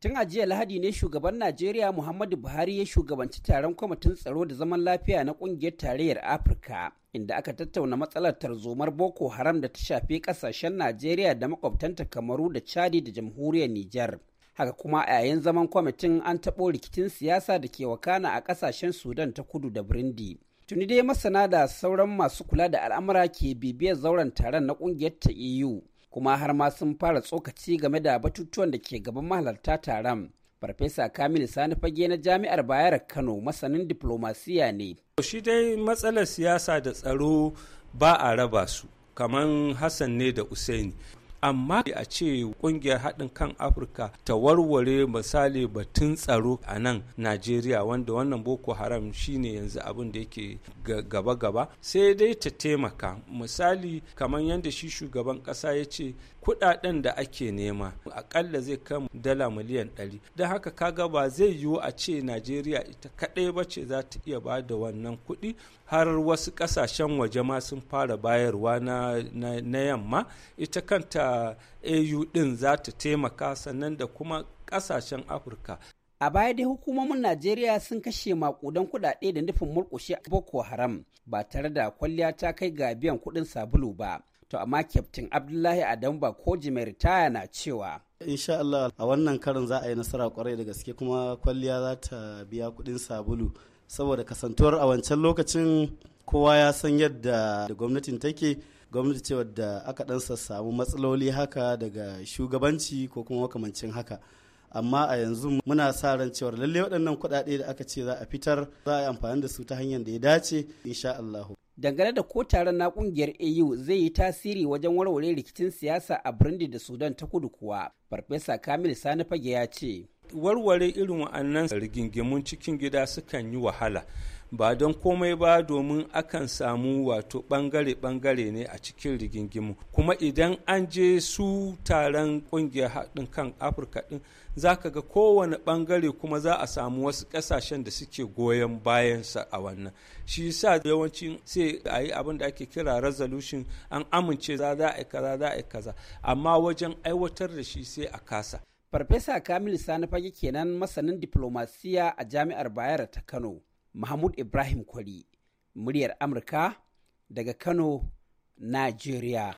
Tun a jiya Lahadi ne shugaban Najeriya Muhammadu Buhari ya shugabanci taron kwamitin tsaro da zaman lafiya na kungiyar tarayyar Afirka, inda aka tattauna matsalar tarzomar Boko Haram da ta shafi kasashen Najeriya da makwabtanta Kamaru da Chadi da jamhuriyar Nijar. Haka kuma a yayin zaman kwamitin an taɓo rikicin siyasa da ke wakana a kasashen Sudan ta kudu da Burundi. Tuni dai masana da sauran masu kula da al'amura ke bibiyar zauren taron na kungiyar ta EU. kuma har ma sun fara tsokaci game da batutuwan da ke gaban mahalarta taron. Farfesa Kamilu Sani Fage na Jami'ar Bayar Kano masanin diplomasiya ne. Shi dai matsalar siyasa da tsaro ba a raba su, kamar Hassan ne da Usaini. amma a ce kungiyar haɗin kan afirka ta warware misali batun tsaro a nan najeriya wanda wannan boko haram shine yanzu abin da yake gaba-gaba sai dai ta taimaka misali kamar yadda shi shugaban ƙasa ya ce kuɗaɗen da ake nema akalla zai kan dala miliyan ɗari don haka kaga ba zai yiwu a ce najeriya ita kaɗai ba ce za ta iya ba da wannan kuɗi har wasu ƙasashen waje ma sun fara bayarwa na yamma ita kanta Eh, au din za ta taimaka sannan da kuma kasashen afirka a baya dai hukumomin najeriya sun kashe makudan kudade da nufin murkushe boko haram ba tare da kwalliya ta kai ga biyan kudin sabulu ba to amma kyaftin abdullahi adamba ko jima'i ritaya na cewa insha Allah a wannan karin za a yi nasara kwarai da gaske kuma kwalliya za ta biya kudin sabulu saboda kasantuwar a wancan lokacin kowa ya san yadda gwamnatin take gwamnati ce wadda aka dan samu matsaloli haka daga shugabanci ko kuma makamancin haka amma a yanzu muna sa ran cewar lalle waɗannan kuɗaɗe da aka ce za a fitar za a yi amfani da su ta hanyar da ya dace insha Allah. Dangane da ko taron na kungiyar AU zai yi tasiri wajen warware rikicin siyasa a Burundi da Sudan ta kudu kuwa, Farfesa Kamil Sani Fage ya ce. warware irin wa'annan rigingimun cikin gida sukan yi wahala ba don komai ba domin akan samu wato bangare-bangare ne a cikin rigingimu kuma idan an je su taron kungiyar haɗin kan afirka ɗin za ka ga kowane bangare kuma za a samu wasu ƙasashen da suke goyon bayansa a wannan shi sa yawanci sai a yi abin da ake kira resolution an amince za za a kaza za a kaza amma wajen aiwatar da shi sai a kasa Farfesa Kamil Sani fage kenan masanin diplomasiya a Jami'ar Bayero ta Kano, Mahmud Ibrahim Kwari, muryar Amurka daga Kano, Najeriya.